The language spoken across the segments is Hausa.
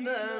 بما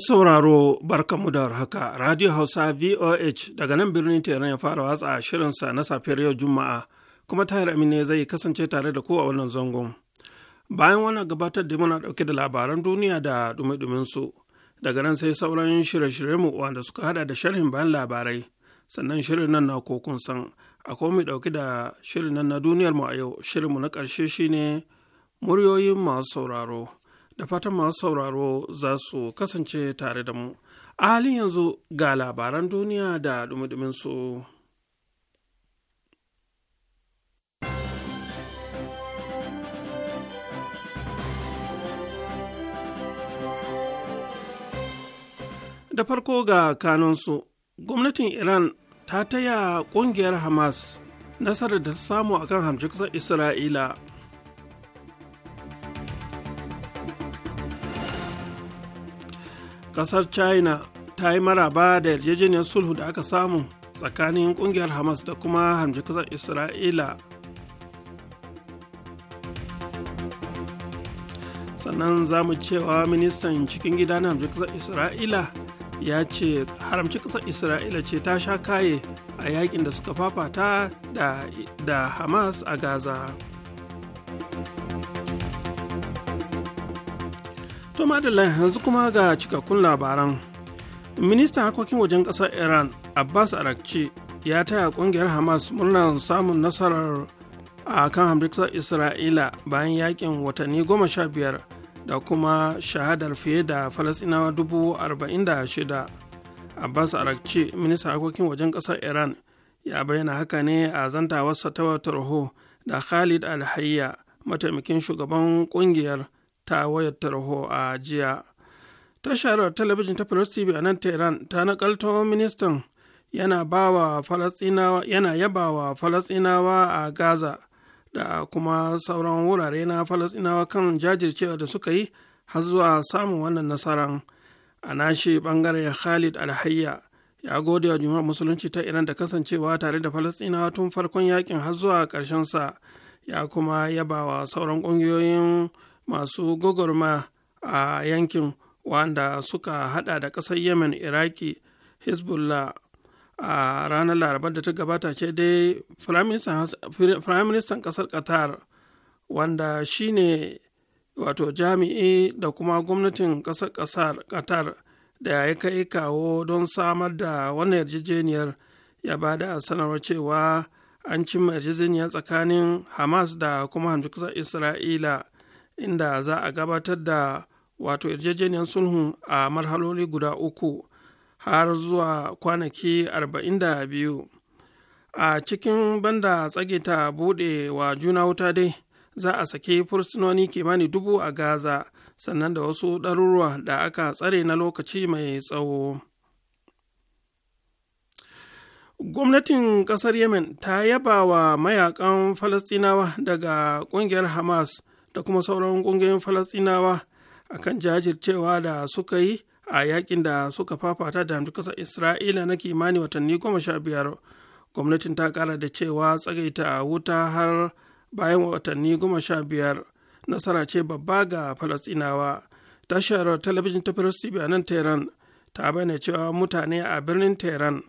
Masu sauraro barkanmu da haka Radio Hausa VOH daga nan birnin Teran ya fara watsa shirinsa na safiyar yau Juma'a kuma Tahir amin zai kasance tare da ko a wannan zangon. Bayan wannan gabatar da muna ɗauke da labaran duniya da dumi su daga nan sai sauran shirye mu wanda suka hada da sharhin bayan labarai sannan shirin nan na kokun san akwai mu ɗauke da shirin nan na duniyar mu a yau shirin mu na ƙarshe shine muryoyin masu sauraro. da fatan masu sauraro za su kasance tare da mu a halin yanzu ga labaran duniya da dumudumin su da farko ga kanunsu gwamnatin iran ta taya kungiyar hamas nasarar da ta samu akan hamshi kasar isra'ila kasar china ta yi maraba da yarjejeniyar sulhu da aka samu tsakanin kungiyar hamas da kuma hamji kasar isra'ila sannan za mu cewa ministan cikin gida na hamji kasar isra'ila ya ce haramci kasar isra'ila ce ta sha kaye a yakin da suka fafata da hamas a gaza To madalla yanzu kuma ga cikakkun labaran. Ministan harkokin wajen ƙasar Iran Abbas Arakci ya taya kungiyar Hamas murnar samun nasarar a kan hamdukar Isra'ila bayan yakin watanni goma sha biyar da kuma shahadar fiye da Falasɗinawa dubu arba'in da shida. Abbas Arakci ministan harkokin wajen ƙasar Iran ya bayyana haka ne a zantawarsa ta watar da Khalid Alhayya mataimakin shugaban ƙungiyar. ta wayar tarho a jiya tashar talabijin ta plus tv a nan tehran ta nakalto ministan yana bawa yana yabawa falasinawa a gaza da kuma sauran wurare na falasinawa kan jajircewa da suka yi har zuwa samun wannan nasarar a nashi bangaren khalid alhayya ya gode wa jumhuriyar musulunci ta iran da kasancewa tare da falasinawa tun farkon yakin har zuwa sa ya kuma yabawa sauran ƙungiyoyin masu gogorma a yankin wanda suka hada da ƙasar yemen iraki hezbollah a ranar laraba da ta gabata ce dai minister kasar qatar wanda shine wato jami'i da kuma gwamnatin ƙasar kasar qatar da ya kai kawo don samar da wannan yarjejeniyar ya ba da sanarwar cewa an cimma yarjejeniyar tsakanin hamas da kuma hamjikisar isra'ila inda za a gabatar da wato yarjejeniyar sulhun a marhaloli guda uku har zuwa kwanaki 42 a cikin banda tsage ta bude wa juna wuta dai za a saki fursunoni kimanin dubu a gaza sannan da wasu ɗaruruwa da aka tsare na lokaci mai tsawo gwamnatin kasar yemen ta yaba wa mayakan falastinawa daga kungiyar hamas da kuma sauran falasinawa a kan jajircewa da suka yi a yakin da suka fafata da kasar isra'ila na kimani watanni goma sha biyar gwamnatin ta kara da cewa tsagaita wuta har bayan watanni goma sha biyar nasara ce babba ga falasinawa tashar talabijin ta firas bayanan tehran ta bayyana cewa mutane a birnin tehran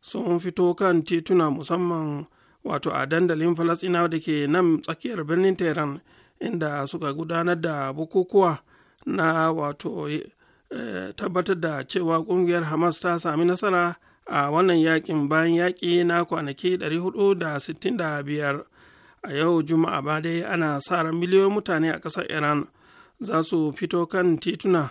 sun fito kan tituna musamman wato a dandalin falasinawa da ke nan tsakiyar birnin tehran inda suka gudanar da bukukuwa na wato eh, tabbatar da cewa kungiyar hamas ta sami nasara a wannan yakin bayan yaƙi na kwanaki 465 a yau juma'a ba dai ana sa miliyoyin mutane a ƙasar iran za su fito kan tituna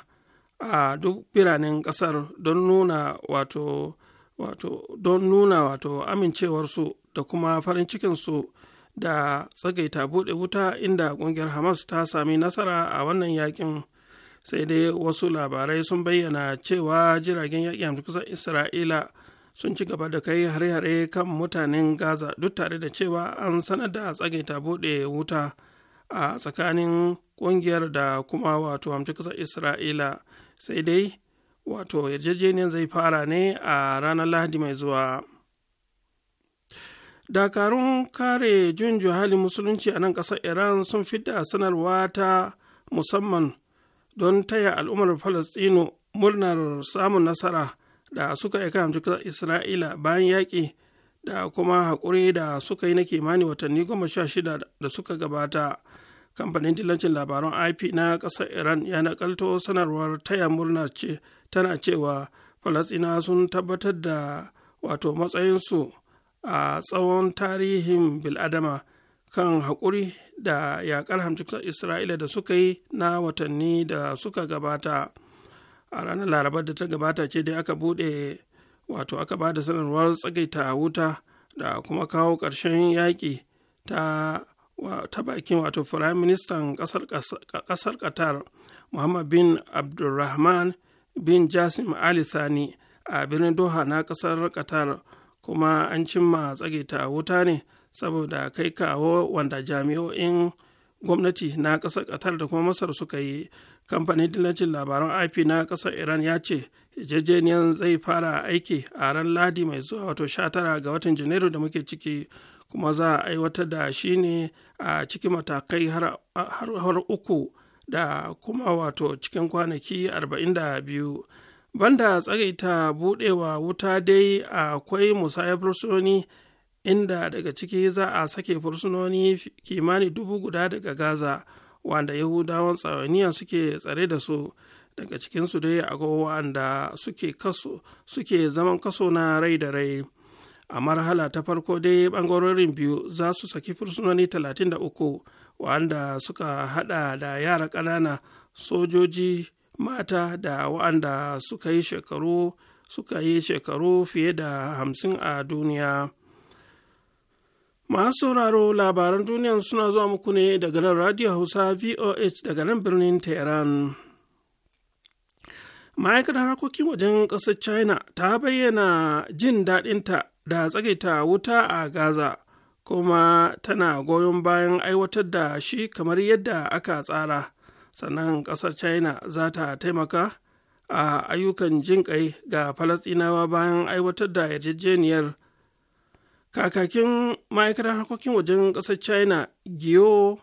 a duk biranen ƙasar don nuna wato wato don nuna wato amincewarsu da kuma farin cikinsu da tsagaita buɗe wuta inda ƙungiyar hamas ta sami nasara a wannan yakin sai dai wasu labarai sun bayyana cewa jiragen yaƙi kusa isra'ila sun ci gaba da kai hare-hare kan mutanen gaza duk tare da cewa an sanar da tsagaita buɗe wuta a tsakanin ƙungiyar da kuma wato kusa isra'ila sai dai wato yarjejeniyar zai fara ne a ranar lahadi mai zuwa dakarun kare jun halin musulunci a nan ƙasar iran sun fidda sanarwa ta musamman don taya al'ummar falastino murnar samun nasara da suka yi aika hamci isra'ila bayan yaƙi da kuma haƙuri da suka yi na kimanin watanni goma sha shida da suka gabata kamfanin dillancin labaran ip na ƙasar iran ya nakalto sanarwar taya murna ce tana cewa falastina sun tabbatar da wato matsayinsu a tsawon tarihin biladama kan haƙuri da yaƙar hamshiksar isra'ila da suka yi na watanni da suka gabata a ranar larabar da ta gabata ce dai aka buɗe wato aka ba da sanarwar tsagaita wuta da kuma kawo ƙarshen yaƙi ta ta bakin wato firayim ministan ƙasar qatar muhammad bin abdulrahman bin jasim ali sani a birnin doha na ƙasar ƙatar. kuma an cimma tsage ta wuta ne saboda kai kawo wanda jami'o'in gwamnati na ƙasar qatar da kuma masar suka yi kamfanin dillacin labaran ip na ƙasar iran ya ce jejeniyan zai fara aiki a ran ladi mai zuwa wato 19 ga watan janairu da muke ciki kuma za a aiwatar da shi ne a cikin matakai har, uku da kuma wato cikin kwanaki 42 banda tsagaita budewa wuta dai akwai musayar fursunoni inda daga ciki za a sake fursunoni kimanin dubu guda daga gaza wanda yahudawan tsawaniya suke tsare da su daga cikinsu dai agogo wanda suke kaso suke zaman kaso na rai da rai a marhala ta farko dai bangarorin biyu za su saki fursunoni 33 wanda suka hada da yara ƙanana sojoji mata da wa'anda suka yi shekaru suka yi shekaru fiye da hamsin a duniya masu sauraro labaran duniya suna zuwa muku ne daga nan radio hausa voh daga nan birnin tehran ma'aikatar harkokin wajen ƙasar china ta bayyana jin daɗinta da tsagaita wuta a gaza kuma tana goyon bayan aiwatar da shi kamar yadda aka tsara sannan ƙasar china za ta taimaka a ayyukan jinƙai ga falasɗinawa bayan aiwatar da yarjejeniyar kakakin ma'aikatar harkokin wajen ƙasar china giyo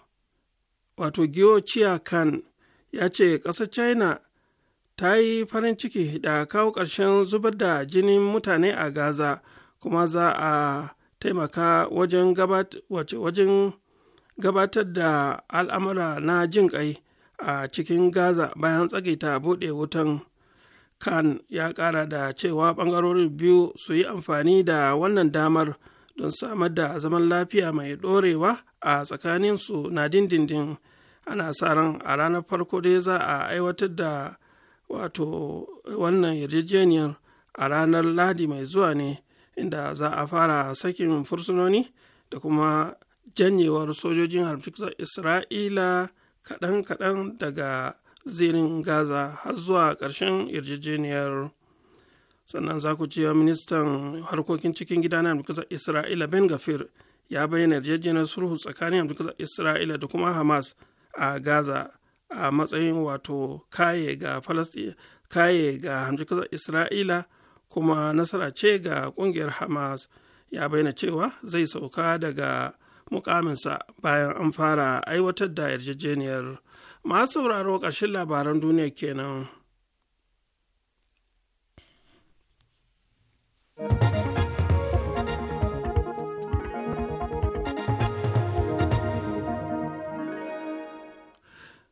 wato giyo chia kan ya ce ƙasar china ta yi farin ciki da kawo ƙarshen zubar da jinin mutane a gaza kuma za a taimaka wajen gabatar da al'amura na jinƙai. a cikin gaza bayan tsagaita buɗe wutan khan ya ƙara da cewa ɓangarorin biyu su yi amfani da wannan damar don samar da zaman lafiya mai ɗorewa a tsakaninsu na dindindin ana sa ran a ranar farko dai za a aiwatar da wato wannan yarjejeniyar a ranar ladi mai zuwa ne inda za a fara sakin fursunoni da kuma janyewar sojojin harfisar isra'ila kaɗan-kaɗan daga zirin gaza har zuwa ƙarshen yarjejeniyar sannan za ku cewa ministan harkokin cikin gida na amurka isra'ila ben gafir ya bayyana yarjejeniyar sulhu tsakanin amurka isra'ila da kuma hamas a gaza a matsayin wato kaye ga kaye ga isra'ila kuma nasara ce ga kungiyar hamas ya bayyana cewa zai sauka daga mukaminsa bayan an fara aiwatar da yarjejeniyar masu sauraro ƙarshen labaran duniya kenan.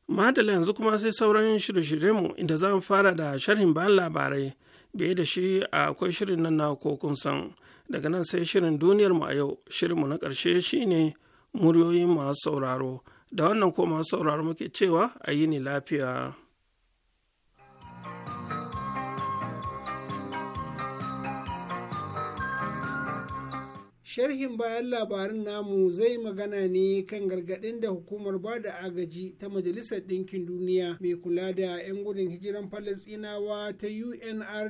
Madala yanzu kuma sai sauran shirye mu inda za mu fara da sharhin bayan labarai biye da shi akwai shirin nan na kokun san daga nan sai shirin duniyarmu a yau shirinmu na ƙarshe shine muryoyin masu sauraro da wannan ko masu sauraro muke cewa a yini lafiya sharhin bayan labarin namu zai magana ne kan gargaɗin da hukumar ba da agaji ta majalisar ɗinkin duniya mai kula da 'yan gudun hijiran falasinawa ta unrwa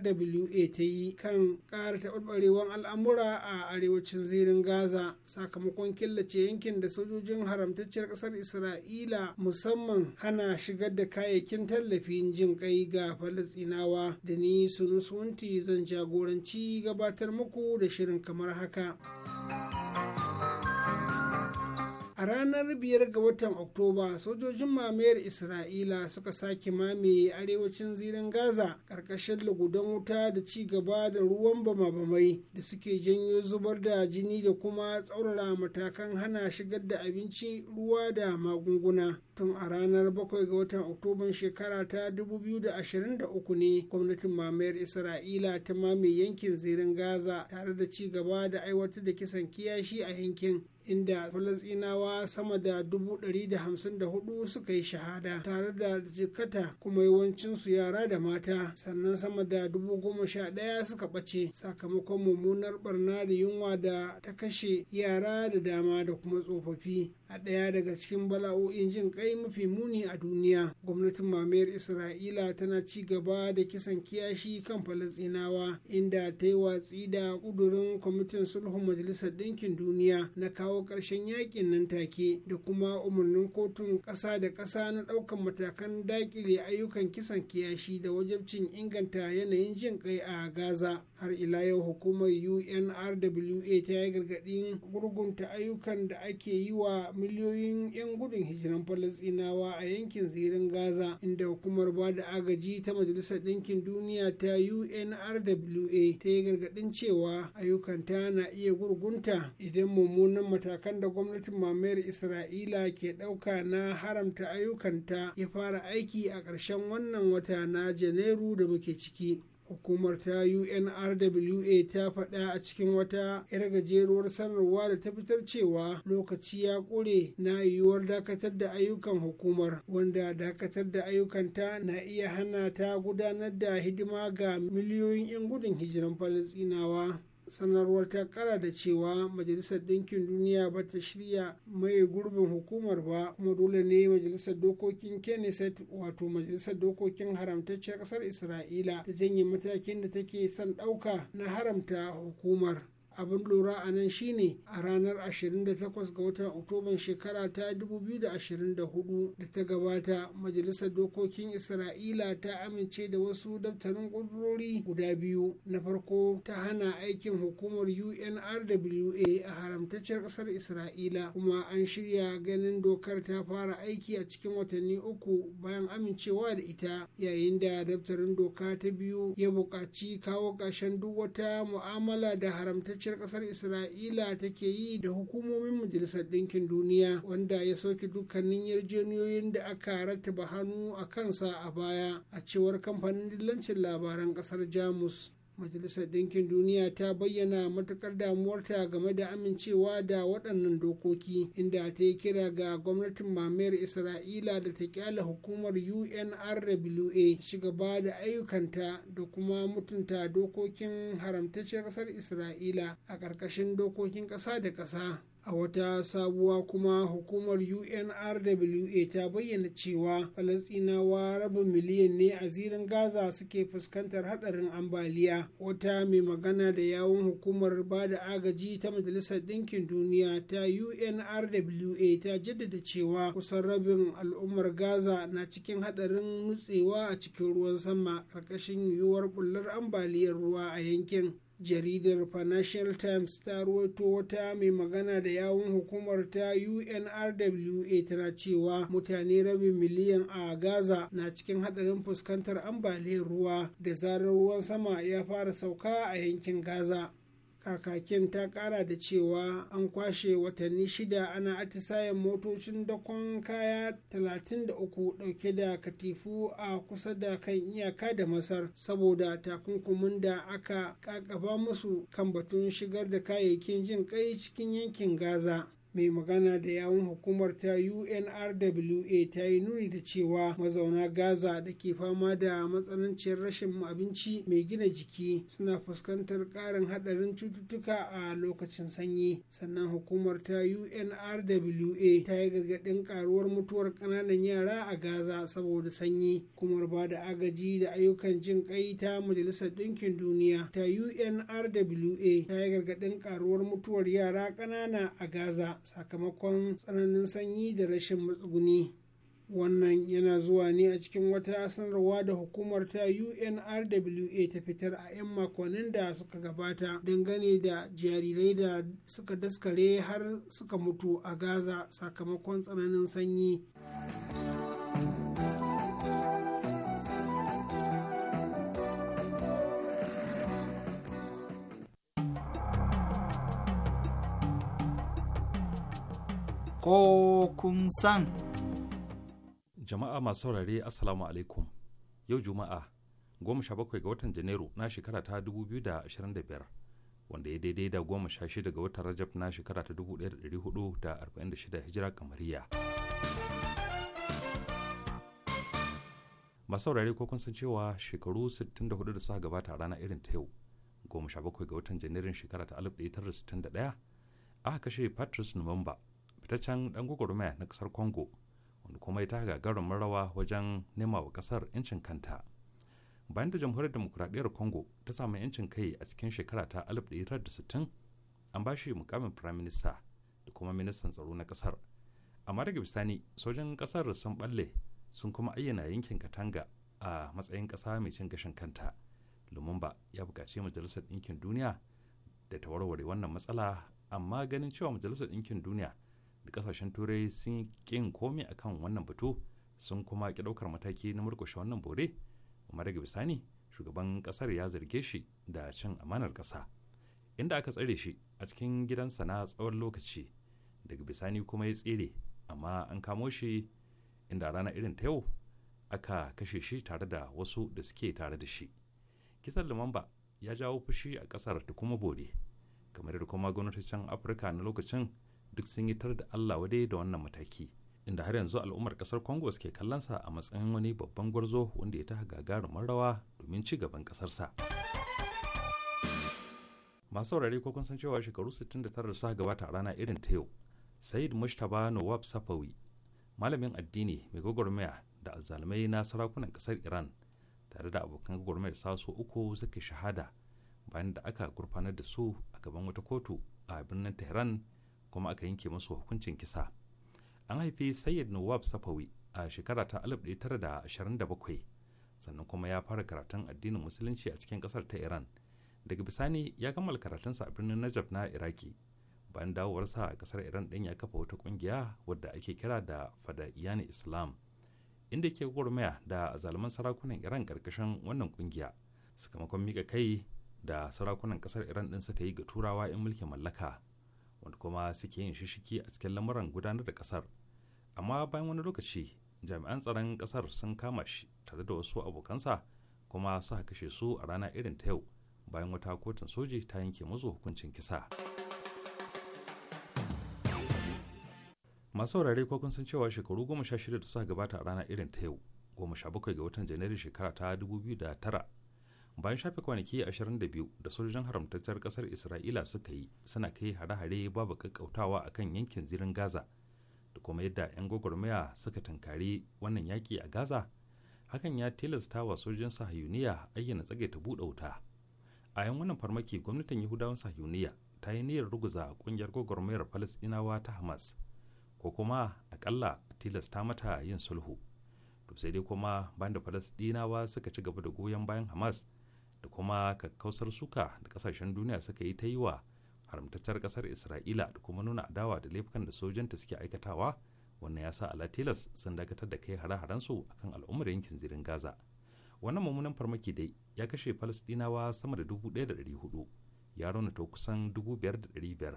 ta yi kan ƙara taɓarɓarewar al'amura a arewacin zirin gaza sakamakon killace yankin da sojojin haramtacciyar ƙasar isra'ila musamman hana shigar da kayayyakin tallafin jin kai ga falasinawa da ni sunusunti zan jagoranci gabatar muku da shirin kamar haka. a ranar biyar ga watan oktoba sojojin mamayar isra'ila suka sake mamaye arewacin zirin gaza ƙarƙashin lugudan wuta da ci gaba da ruwan bama-bamai da suke janyo zubar da jini da kuma tsaurara matakan hana shigar da abinci ruwa da magunguna tun a ranar 7 ga watan oktoban shekara ta 2023 ne gwamnatin mamayar isra'ila ta mame yankin zirin gaza tare da ci gaba da aiwatar da kisan kiyashi a yankin inda falasinawa sama da 154 suka yi shahada tare da jikata kuma yawancinsu yara da mata sannan sama da ɗaya suka ɓace sakamakon mummunar barna da yunwa da ta kashe yara da dama da kuma tsofaffi a ɗaya daga cikin bala'o'in jin kai mafi muni a duniya gwamnatin mamayar isra'ila tana ci gaba da kisan kiyashi kan falasinawa inda ta yi watsi da ƙudurin kwamitin sulhun majalisar ɗinkin duniya na kawo ƙarshen yakin nan take da kuma umarnin kotun ƙasa da ƙasa na ɗaukan matakan daƙile ayyukan kisan kiyashi da wajabcin inganta yanayin jin kai a gaza har ila yau hukumar unrwa ta yi gargadin gurgunta ayyukan da ake yi wa miliyoyin 'yan gudun hijiran falasinawa a yankin zirin gaza inda hukumar ba da agaji ta majalisar ɗinkin duniya ta unrwa ta yi gargadin cewa ayyukanta na iya gurgunta idan mummunan matakan da gwamnatin mamayar isra'ila ke ɗauka na haramta ayyukanta ya fara aiki a ƙarshen wannan wata na janairu da muke ciki hukumar ta unrwa ta faɗa a cikin wata 'yar gajeruwar sanarwa da ta fitar cewa lokaci ya ƙure na yiwuwar dakatar da ayyukan hukumar wanda dakatar da ayyukanta na iya hana ta gudanar da hidima ga miliyoyin 'yan gudun hijiran Falasinawa. sanarwar ta kara da cewa majalisar ɗinkin duniya ba ta shirya mai gurbin hukumar ba kuma dole ne majalisar dokokin kenneset wato majalisar dokokin haramtacciyar ƙasar isra'ila ta janye matakin da take son ɗauka na haramta hukumar abin lura a nan shine a ranar 28 ga watan oktoban shekara ta 2024 da ta gabata majalisar dokokin isra'ila ta amince da wasu daftarin ƙudurori guda biyu na farko ta hana aikin hukumar unrwa a haramtacciyar ƙasar isra'ila kuma an shirya ganin dokar ta fara aiki a cikin watanni uku bayan amincewa da ita yayin da daftarin doka ta biyu ya buƙaci kawo ƙarshen duk wata mu'amala da haramtacciyar kasar kasar isra'ila take yi da hukumomin majalisar ɗinkin duniya wanda ya sauke dukkanin yarjejeniyoyin da aka rattaba hannu a kansa a baya a cewar kamfanin dillancin labaran kasar jamus majalisar ɗinkin duniya ta bayyana matuƙar damuwarta game da amincewa da waɗannan dokoki inda ta yi kira ga gwamnatin mamayar isra'ila da ta kyala hukumar unrwa shigaba da ayyukanta da kuma mutunta dokokin haramtacciyar ƙasar isra'ila a ƙarƙashin dokokin ƙasa da ƙasa a wata sabuwa kuma hukumar unrwa ta bayyana cewa falasinawa rabin miliyan ne a zirin gaza suke fuskantar hadarin ambaliya wata mai magana da yawon hukumar ba da agaji ta majalisar ɗinkin duniya ta unrwa ta jaddada cewa kusan rabin al'ummar gaza na cikin hadarin nutsewa a cikin ruwan sama ƙarƙashin yiwuwar bullar ambaliyar ruwa a yankin jaridar financial times ta ruwaito wata mai magana da yawun hukumar ta unrwa tana cewa mutane rabin miliyan a gaza na cikin hadarin fuskantar ambaliyar ruwa da zarar ruwan sama ya fara sauka a yankin gaza kakakin ta kara da cewa an kwashe watanni shida ana atisayen motocin dakon kaya 33 dauke da katifu a kusa da kan iyaka da masar saboda takunkumin da aka kakaba musu kan batun shigar da kayayyakin jin kai cikin yankin gaza mai magana da yawun hukumar ta unrwa ta yi nuni da cewa mazauna gaza da ke fama da matsananciyar rashin abinci mai gina jiki suna fuskantar ƙarin haɗarin cututtuka a lokacin sanyi sannan hukumar ta unrwa ta yi gargadin ƙaruwar mutuwar ƙananan yara a gaza saboda sanyi kuma ba da agaji da ayyukan jin ƙai ta majalisar ɗinkin duniya ta unrwa ta yi gargadin ƙaruwar mutuwar yara ƙanana a gaza sakamakon tsananin sanyi da rashin matsuguni wannan yana zuwa ne a cikin wata sanarwa da hukumar ta unrwa ta fitar a 'yan makonnin da suka gabata dangane da jarirai da suka daskare har suka mutu a gaza sakamakon tsananin sanyi. ko kun san. Jama'a masu saurare Assalamu alaikum. Yau Juma'a, goma sha bakwai ga watan Janairu na shekara ta dubu biyu da ashirin da biyar, wanda ya daidai da goma sha shida ga watan Rajab na shekara ta dubu ɗaya da ɗari hudu da arba'in da shida hijira kamariya. Masu saurare ko kun san cewa shekaru sittin da hudu da suka gabata a rana irin ta yau, goma sha bakwai ga watan Janairun shekara ta alif ɗaya tara sittin da ɗaya, aka kashe Patrice Lumumba fitaccen dan gwagwarmaya na kasar congo wanda kuma ya ta gagarumin rawa wajen nema wa kasar 'yancin kanta bayan da jamhuriyar demokuraɗiyyar congo ta samu 'yancin kai a cikin shekara ta 1960 an ba shi mukamin prime minister da kuma ministan tsaro na kasar amma daga bisani sojin kasar sun balle sun kuma ayyana yankin katanga a matsayin kasa mai cin gashin kanta lumumba ya bukaci majalisar ɗinkin duniya da ta warware wannan matsala amma ganin cewa majalisar ɗinkin duniya kasashen turai sun ƙin komi akan wannan batu sun kuma ki ɗaukar mataki na murkushe wannan bore kuma daga bisani shugaban ƙasar ya zarge shi da cin amanar ƙasa inda aka tsare shi a cikin gidansa na tsawon lokaci daga bisani kuma ya tsere amma an kamo shi inda rana irin ta yau aka kashe shi tare da wasu da suke tare da shi kisan lumamba ya jawo fushi a ƙasar da kuma bore kamar da kuma gwamnatocin afirka na lokacin duk sun yi tar da allah wadai da wannan mataki inda har yanzu al'ummar kasar congo suke kallonsa a matsayin wani babban gwarzo wanda ya ta gagarumin rawa domin ci gaban kasarsa masu saurare ko kun san cewa shekaru 69 da suka gabata a rana irin ta yau said mushtaba nawab safawi malamin addini mai gwagwarmaya da azalmai na sarakunan kasar iran tare da abokan sa su uku suka shahada bayan da aka gurfanar da su a gaban wata kotu a birnin tehran kuma aka yanke musu hukuncin kisa an haifi sayyid nawab safawi a shekara ta 1927 sannan kuma ya fara karatun addinin musulunci a cikin kasar ta iran daga bisani ya kammala karatunsa a birnin najaf na iraki bayan dawowarsa a kasar iran din ya kafa wata kungiya wadda ake kira da fada iyana islam inda ke gurmaya da zaluman sarakunan iran karkashin wannan kungiya sakamakon mika kai da sarakunan kasar iran din suka yi ga turawa in mulkin mallaka wanda kuma suke yin shishiki a cikin lamuran gudanar da kasar amma bayan wani lokaci jami'an tsaron kasar sun kama shi tare da wasu abokansa kuma suka kashe su a rana irin ta yau bayan wata kotun soji ta yanke musu hukuncin kisa masu saurare ko kun san cewa shekaru goma sha shida da suka gabata a rana irin ta yau goma sha bakwai ga watan janairu shekara ta dubu biyu da tara bayan shafe kwanaki 22 da sojojin haramtacciyar kasar isra'ila suka yi suna kai hare-hare babu kakkautawa a kan yankin zirin gaza da kuma yadda 'yan gwagwarmaya suka tankari wannan yaki a gaza hakan ya tilasta wa sojojin sahayuniya ayyana tsage ta buɗe wuta a yan wannan farmaki gwamnatin yahudawan sahayuniya ta yi niyyar ruguza kungiyar gwagwarmayar falastinawa ta hamas ko kuma akalla tilasta mata yin sulhu to sai dai kuma bayan da falasɗinawa suka ci gaba da goyon bayan hamas da kuma kakkausar suka da kasashen duniya suka yi ta yi wa haramtattar kasar isra'ila da kuma nuna adawa da laifukan da sojanta suke aikatawa wannan ya sa alatilas sun dakatar da kai hare-harensu akan al'ummar yankin zirin gaza wannan mummunan farmaki dai ya kashe falastinawa sama da 1,400 ya raunata kusan 5,500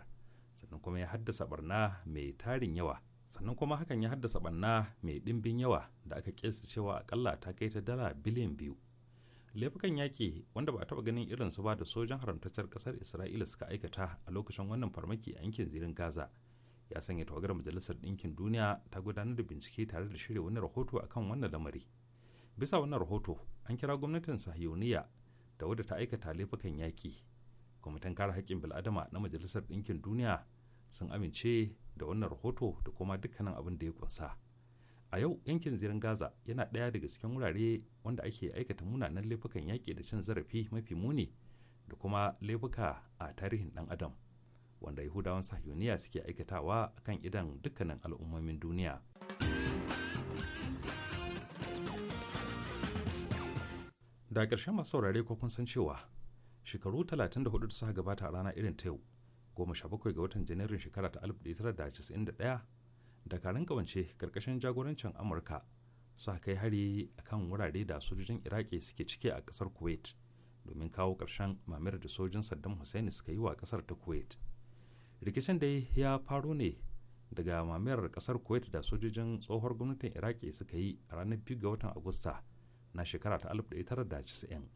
sannan kuma ya haddasa barna mai tarin yawa sannan kuma hakan ya haddasa barna mai dimbin yawa da aka kesa cewa akalla ta kai ta dala biliyan biyu laifukan yaƙi wanda ba a taɓa ganin irin su ba da sojan haramtaccen ƙasar isra'ila suka aikata a lokacin wannan farmaki a yankin zirin gaza ya sanya tawagar majalisar ɗinkin duniya ta gudanar da bincike tare da shirya wani rahoto a kan wannan lamari bisa wannan rahoto an kira gwamnatin sahiyoniya da wadda ta aikata laifukan yaƙi kwamitin kare haƙƙin bil'adama na majalisar ɗinkin duniya sun amince da wannan rahoto da kuma dukkanin abin da ya kunsa. a yau yankin zirin gaza yana ɗaya daga cikin wurare wanda ake aikata munanan laifukan yaƙi da cin zarafi mafi muni da kuma laifuka a tarihin ɗan adam wanda yahudawan sahiyoniya suke aikatawa kan idan dukkanin al'ummomin duniya da ƙarshen masu saurare ko kun san cewa shekaru 34 da suka gabata a rana irin ta yau 17 ga watan janairun shekara ta 1991 da dakarun kawance karkashin jagorancin amurka suka kai hari a kan wurare da sojojin iraki suke ciki a kasar kuwait domin kawo ƙarshen mamayar da sojin saddam hussein suka yi wa kasar ta kuwait rikicin da ya faro ne daga mamayar kasar kuwait da sojojin tsohuwar gwamnatin iraki suka yi a ranar 2 ga watan agusta na shekara ta 1990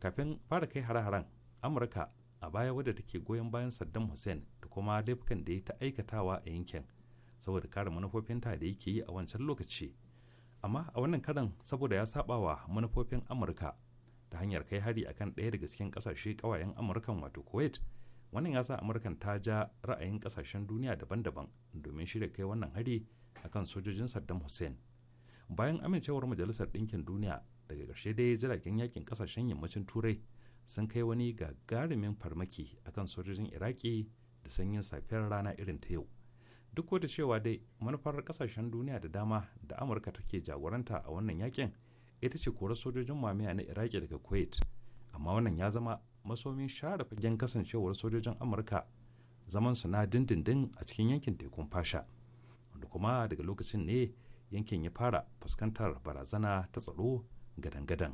kafin fara kai hare-haren amurka a baya wadda take goyon bayan saddam hussein da kuma laifukan da ya ta aikatawa a yankin saboda kare manufofin ta da yake yi a wancan lokaci amma a wannan karan saboda ya saba wa manufofin amurka ta hanyar kai hari akan ɗaya daga cikin ƙasashe ƙawayen amurkan wato kuwait wannan ya sa amurkan ta ja ra'ayin ƙasashen duniya daban-daban domin shirya kai wannan hari a kan sojojin saddam hussein bayan amincewar majalisar ɗinkin duniya daga ƙarshe dai jiragen yakin ƙasashen yammacin turai sun kai wani gagarumin farmaki akan sojojin iraki da sanyin safiyar rana irin ta yau duk da cewa dai manufar kasashen duniya da dama da amurka take jagoranta a wannan yakin ita ce korar sojojin mamaya na iraki daga kuwait amma wannan ya zama masomin share fagen kasancewar sojojin amurka zaman su na dindindin a cikin yankin tekun fasha wanda kuma daga lokacin ne yankin ya fara fuskantar barazana ta tsaro gadan-gadan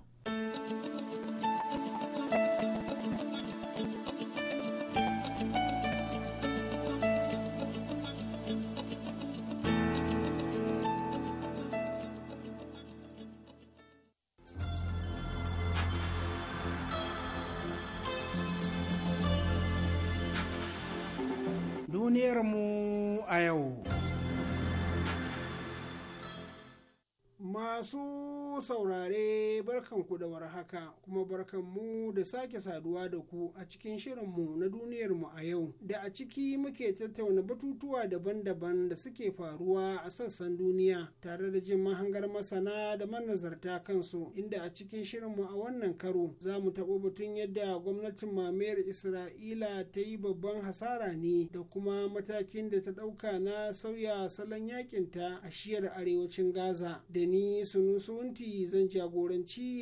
barkanku da warhaka kuma barkanmu da sake saduwa da ku a cikin shirinmu na duniyarmu a yau da a ciki muke tattauna batutuwa daban-daban da suke faruwa a sassan duniya tare da jin mahangar masana da manazarta kansu inda a cikin shirinmu a wannan karo za mu taɓo batun yadda gwamnatin mamayar isra'ila ta yi babban hasara ne da kuma matakin da ta ɗauka na sauya salon yakinta a shiyar arewacin gaza da ni sunusunti zan jagoranci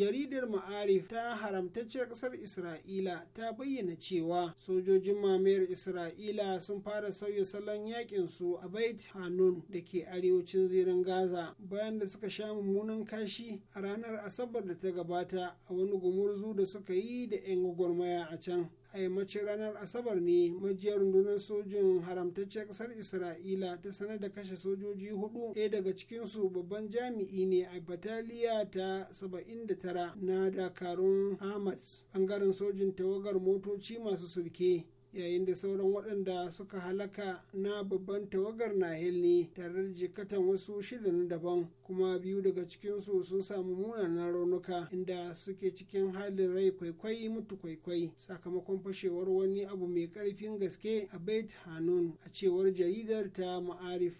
jaridar ma'arif ta haramtacciyar ƙasar isra'ila ta bayyana cewa sojojin mamayar isra'ila sun fara sauya salon yakin su a bait hanun da ke arewacin zirin gaza bayan da suka sha mummunan kashi a ranar asabar da ta gabata a wani gumurzu da suka yi da 'yan gwagwarmaya a can a ranar asabar ne majiyar rundunar sojin haramtacciyar ƙasar isra'ila ta sanar da kashe sojoji hudu ɗaya daga cikinsu babban jami'i ne a bataliya ta 79 na dakarun hamas bangaren sojin tawagar motoci masu sulke yayin da sauran waɗanda suka halaka na babban tawagar na ne tare da jikatan wasu shida na daban kuma biyu daga cikinsu sun samu munanan raunuka inda suke cikin halin rai kwaikwai mutu kwaikwai sakamakon fashewar wani abu mai ƙarfin gaske a bait hanun a cewar jaridar ta ma'arif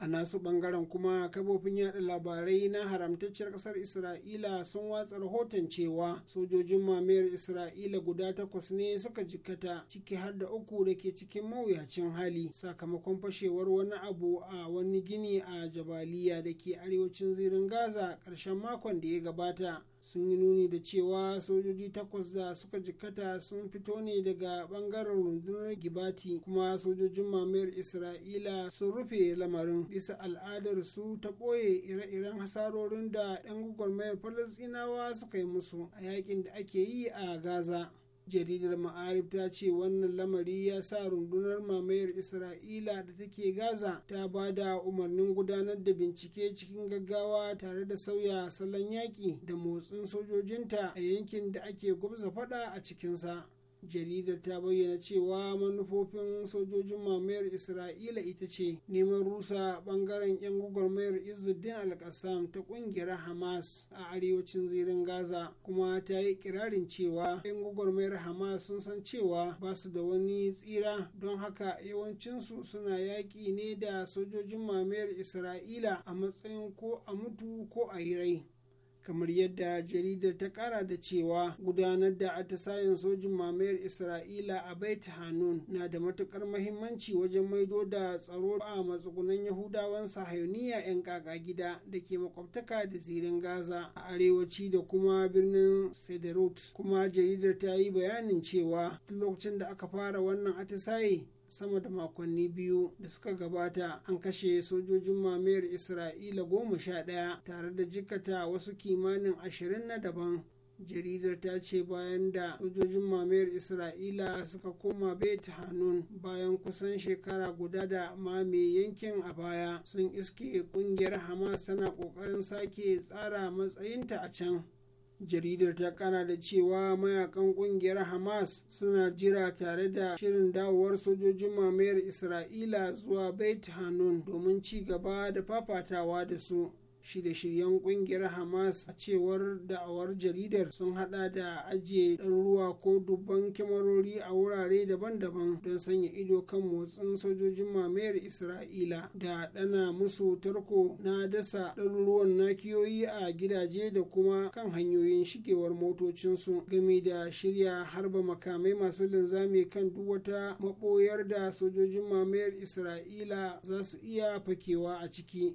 a nasu bangaren kuma kafofin yada labarai na haramtacciyar kasar isra'ila sun watsa rahoton cewa sojojin mamayar isra'ila guda takwas ne suka jikkata ciki har da uku da ke cikin mawuyacin hali sakamakon fashewar wani abu a wani gini a jabaliya da ke arewacin zirin gaza ƙarshen makon da ya gabata sun yi nuni da cewa sojoji takwas da suka jikkata sun fito ne daga bangaren rundunar gibati kuma sojojin mamayar isra'ila sun rufe lamarin bisa al'adar su ta ɓoye ire-iren hasarorin da 'yan gwagwarmayar falasɗinawa suka yi musu a yakin da ake yi a gaza jaridar ma'arif ta ce wannan lamari ya sa rundunar mamayar isra'ila da take gaza ta ba da umarnin gudanar da bincike cikin gaggawa tare da sauya salon yaƙi da motsin sojojinta a yankin da ake gwamza faɗa a cikinsa jaridar ta bayyana cewa manufofin sojojin mamayar isra'ila ita ce neman rusa bangaren 'yan gwagwarmayar izzuddin alkassam ta kungiyar hamas a arewacin zirin gaza kuma ta yi kirarin cewa 'yan gwagwarmayar hamas sun san cewa ba su da wani tsira don haka yawancinsu suna yaƙi ne da sojojin mamayar isra'ila a matsayin ko a mutu ko a yi rai kamar yadda jaridar ta kara da cewa gudanar da atisayen sojin mamayar isra'ila a bait hanun na da matukar mahimmanci wajen maido da tsaro a matsugunan yahudawan sahayoniya 'yan kaka gida da ke makwabtaka da zirin gaza a arewaci da kuma birnin sederot kuma jaridar ta yi bayanin cewa lokacin da aka fara wannan atisaye sama da makonni biyu da suka gabata an kashe sojojin mamayar isra'ila goma sha ɗaya tare da jikata wasu kimanin ashirin na daban jaridar ta ce bayan da sojojin mamayar isra'ila suka koma bet hanun bayan kusan shekara guda da mame yankin a baya sun iske kungiyar hamas tana kokarin sake tsara matsayinta a can jaridar ta kara da cewa mayakan kungiyar hamas suna jira tare da shirin dawowar sojojin mamayar isra'ila zuwa bait hanun domin ci gaba da fafatawa da su shirye-shiryen kungiyar hamas a cewar da'awar jaridar sun hada da ajiye ɗaruruwa ko dubban kyamarori a wurare daban-daban don sanya ido kan motsin sojojin mamayar isra'ila da ɗana musu tarko na dasa ɗaruruwan nakiyoyi a gidaje da kuma kan hanyoyin shigewar motocinsu game da shirya harba makamai masu linzami kan duk wata maɓoyar da sojojin mamayar isra'ila za su iya fakewa a ciki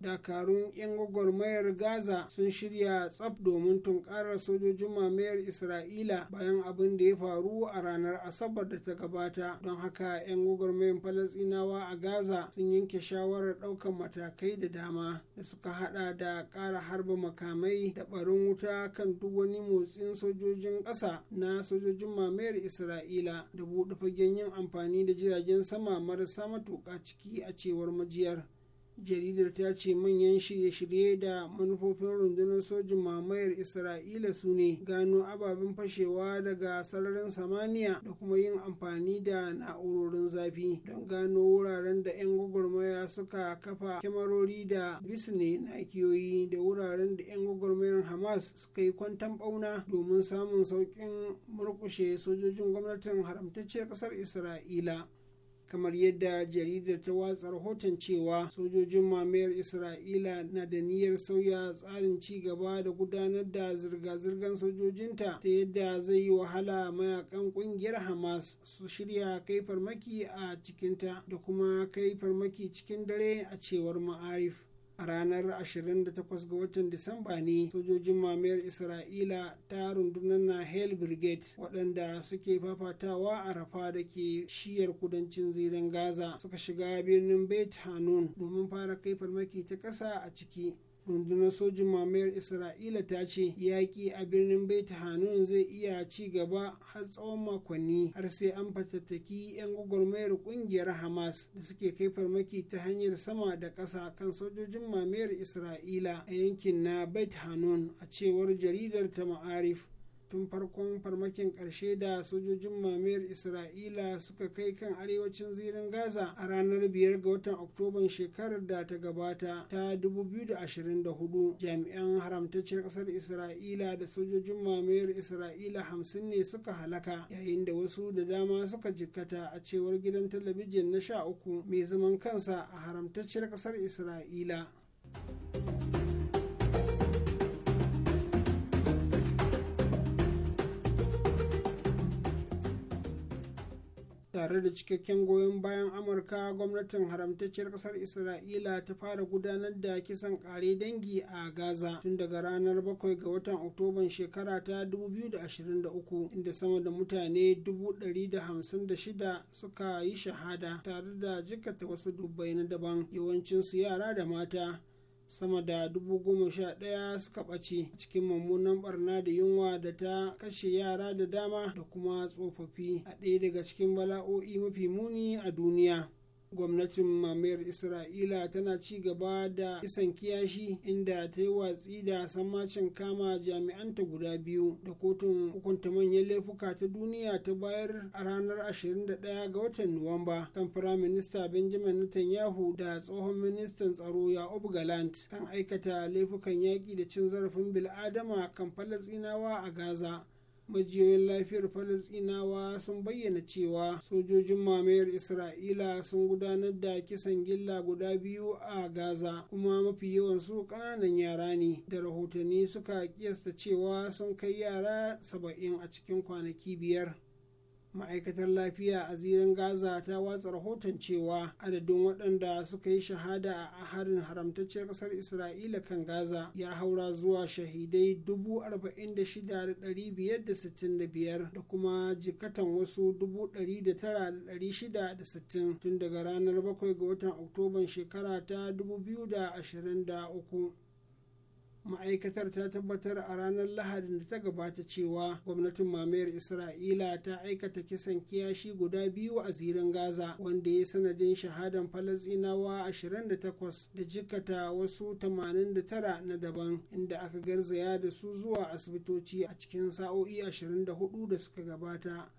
dakarun 'yan gwagwarmayar gaza sun shirya tsaf domin tunkarar sojojin mamayar isra'ila bayan abin da ya faru a ranar asabar da ta gabata don haka 'yan gwagwarmayar falasinawa a gaza sun yanke shawarar ɗaukar matakai da dama da suka hada da ƙara harba makamai da barin wuta kan duk wani motsin sojojin ƙasa na sojojin mamayar isra'ila da buɗe fagen yin amfani da jiragen sama marasa matuƙa ciki a cewar majiyar jaridar ta ce manyan shirye-shirye da manufofin rundunar sojin mamayar isra'ila su ne gano ababen fashewa daga sararin samaniya da kuma yin amfani da na'urorin zafi don gano wuraren da 'yan gwagwarmaya suka kafa kyamarori da bisne na kiyoyi da wuraren da 'yan gwagwarmayar hamas suka yi kwantan bauna domin samun sauƙin murƙushe sojojin gwamnatin haramtacciyar ƙasar isra'ila kamar yadda jaridar ta watsa rahoton cewa sojojin mamayar isra'ila na da niyyar sauya tsarin ci gaba da gudanar da zirga-zirgar sojojinta ta yadda zai yi wahala mayakan kungiyar hamas su shirya kai farmaki a cikinta da kuma kai farmaki cikin dare a cewar ma'arif a ranar 28 ga watan Disamba ne sojojin mamayar Isra'ila ta rundunar na Nahel Brigade waɗanda suke fafatawa a rafa da ke shiyar kudancin zirin Gaza suka shiga birnin Beit Hanun domin fara kai farmaki ta ƙasa a ciki. rundunar sojin mamayar isra'ila ta ce yaƙi a birnin bait hanun zai iya ci gaba har tsawon makonni har sai an fatattaki 'yan gwagwarmayar ƙungiyar hamas da suke kai farmaki ta hanyar sama da ƙasa kan sojojin mamayar isra'ila a yankin na bait hanun a cewar jaridar ta ma'arif tun farkon farmakin ƙarshe da sojojin mamayar isra'ila suka kai kan arewacin zirin gaza a ranar biyar ga watan oktoban shekarar da ta gabata ta 2024 jami'an haramtacciyar ƙasar isra'ila da sojojin mamayar isra'ila hamsin ne suka halaka yayin da wasu da dama suka jikkata a cewar gidan talabijin na sha uku mai zaman kansa a haramtacciyar ƙasar isra'ila tare da cikakken goyon bayan amurka gwamnatin haramtacciyar kasar isra'ila ta fara gudanar da kisan kare dangi a gaza tun daga ranar 7 ga watan oktoban shekara ta 2023 inda sama da mutane 156 suka yi shahada tare da jikata wasu dubbai na daban yawancinsu yara da mata sama da dubu goma sha ɗaya suka ɓace cikin mummunan barna da yunwa da ta kashe yara da dama da kuma tsofaffi a ɗaya daga cikin bala'o'i mafi muni a duniya gwamnatin mamayar isra'ila tana ci gaba da isan kiyashi inda ta yi watsi da sammacin kama jami'anta guda biyu da kotun hukunta manyan laifuka ta duniya ta bayar a ranar 21 ga watan nuwamba kan firaminista benjamin netanyahu da tsohon ministan tsaro Ya'ub galant kan aikata laifukan yaƙi da cin zarafin bil'adama kan falasinawa a gaza majiyoyin lafiyar falasinawa sun bayyana cewa sojojin mamayar isra'ila sun gudanar da kisan gilla guda biyu a gaza kuma mafi yawan su kananan yara ne da rahotanni suka kiyasta cewa sun kai yara saba'in a cikin kwanaki biyar ma'aikatar lafiya a zirin gaza ta watsa rahoton cewa adadin waɗanda suka yi shahada a harin haramtacciyar ƙasar isra'ila kan gaza ya haura zuwa shahidai 46,565 da kuma jikatan wasu 9,660 tun daga ranar 7 ga watan oktoban shekara ta 2023 ma'aikatar ta tabbatar a ranar lahadin da ta gabata cewa gwamnatin mamayar isra'ila ta aikata kisan kiyashi guda biyu a zirin gaza wanda ya sanadin shahadan falasinawa 28 da jikata wasu 89 na daban inda aka garzaya da su zuwa asibitoci a cikin sa'o'i 24 da suka gabata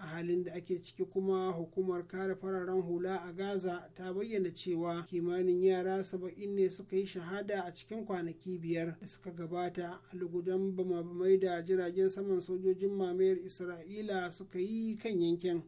a halin da ake ciki kuma hukumar kare fararen hula a gaza ta bayyana cewa kimanin yara saba'in ne suka yi shahada a cikin kwanaki biyar da suka gabata a lugudan bama da jiragen saman sojojin mamayar isra'ila suka yi kan yankin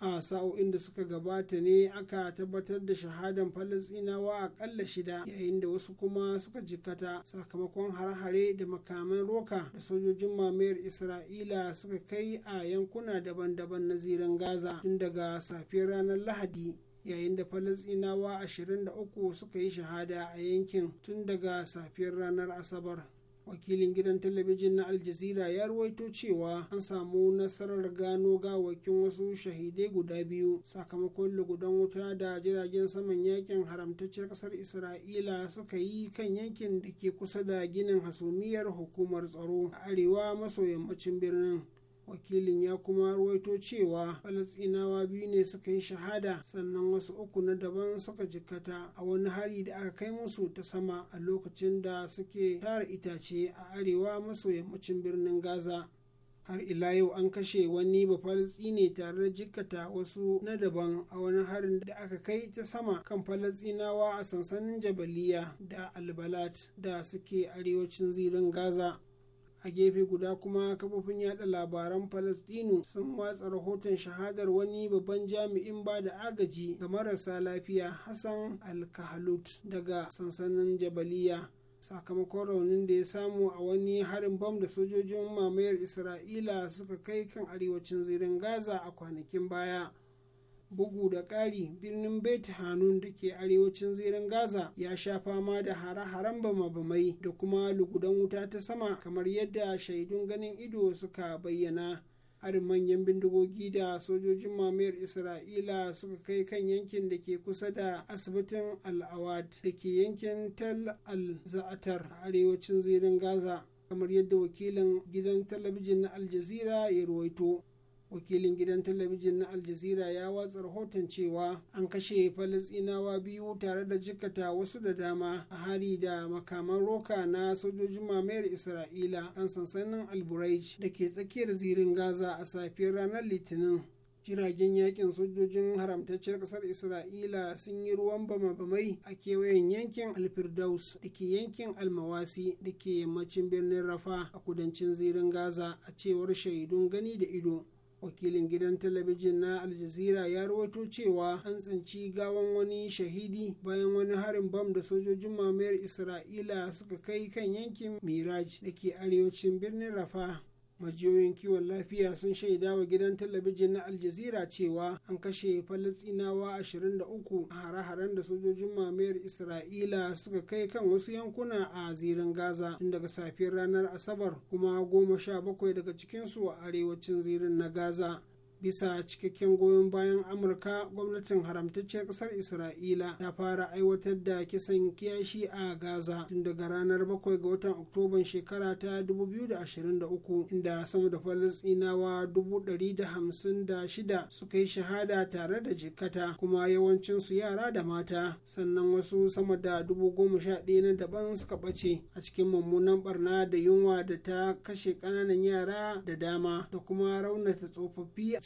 a sa'o'in da suka gabata ne aka tabbatar da shahadan falasinawa kalla shida yayin da wasu kuma suka jikkata sakamakon hare-hare da makaman roka da sojojin mamayar isra'ila suka kai a yankuna daban-daban na ziran gaza tun daga safiyar ranar lahadi yayin da falasinawa 23 suka yi shahada a yankin tun daga safiyar ranar asabar wakilin gidan talabijin na aljazira ya ruwaito cewa an samu nasarar gano gawakin wasu shahidai guda biyu sakamakon lugudan wuta da jiragen saman yakin haramtacciyar kasar isra'ila suka yi kan yankin da ke kusa da ginin hasumiyar hukumar tsaro a arewa maso yammacin birnin wakilin ya kuma ruwaito cewa falasinawa biyu ne suka yi shahada sannan wasu uku na daban suka jikkata a wani hari da aka kai musu ta sama a lokacin da suke tara itace a arewa maso yammacin birnin gaza har ila yau an kashe wani ne tare da jikkata wasu na daban a wani harin da aka kai ta sama kan falastinawa a sansanin jabaliya da albalat da suke arewacin zirin gaza a gefe guda kuma kafofin yada labaran palestino sun watsa rahoton shahadar wani babban jami'in ba da agaji ga marasa lafiya hassan alkahalut daga sansanin jabaliya sakamakon raunin da ya samu a wani harin bam da sojojin mamayar isra'ila suka kai kan arewacin zirin gaza a kwanakin baya bugu da ƙari birnin bet hanun da ke arewacin zirin gaza ya sha fama da hare-haren bama-bamai da kuma lugudan wuta ta sama kamar yadda shaidun ganin ido suka bayyana harin manyan bindigogi da sojojin mamayar isra'ila suka kai kan yankin da ke kusa da asibitin al-awad da ke yankin tel al-za'atar a arewacin zirin gaza kamar yadda wakilin gidan talabijin na aljazira ya ruwaito wakilin gidan talabijin na aljazira ya watsa rahoton cewa an kashe falasinawa biyu tare da jikata wasu da dama a hari da makaman roka na sojojin mamayar isra'ila kan sansanin alburaij da ke tsakiyar zirin gaza a safiyar ranar litinin jiragen yakin sojojin haramtacciyar kasar isra'ila sun yi ruwan bama-bamai a kewayen yankin alfirdaus da ke yankin almawasi da ke yammacin birnin rafa a kudancin zirin gaza a cewar shaidun gani da ido wakilin gidan talabijin na aljazira ya rawaito cewa an tsinci gawan wani shahidi bayan wani harin bam da sojojin mamayar isra'ila suka kai kan yankin miraj da ke arewacin birnin rafa majiyoyin kiwon lafiya sun shaida wa gidan talabijin na aljazira cewa an kashe falastinawa 23 a hare-haren da sojojin mamayar isra'ila suka kai kan wasu yankuna a zirin gaza tun daga safiyar ranar asabar kuma goma sha bakwai daga cikinsu a arewacin zirin na gaza bisa cikakken goyon bayan amurka gwamnatin haramtacciyar ƙasar isra'ila ta fara aiwatar da kisan kiyashi a gaza tun daga ranar 7 ga watan oktoban shekara ta 2023 inda sama da falasinawa 156 suka yi shahada tare da jikata kuma yawancinsu yara da mata sannan wasu sama da 11,000 na daban suka ɓace a cikin mummunan barna da yunwa da ta kashe ƙananan yara da dama da kuma raunata tsofaffi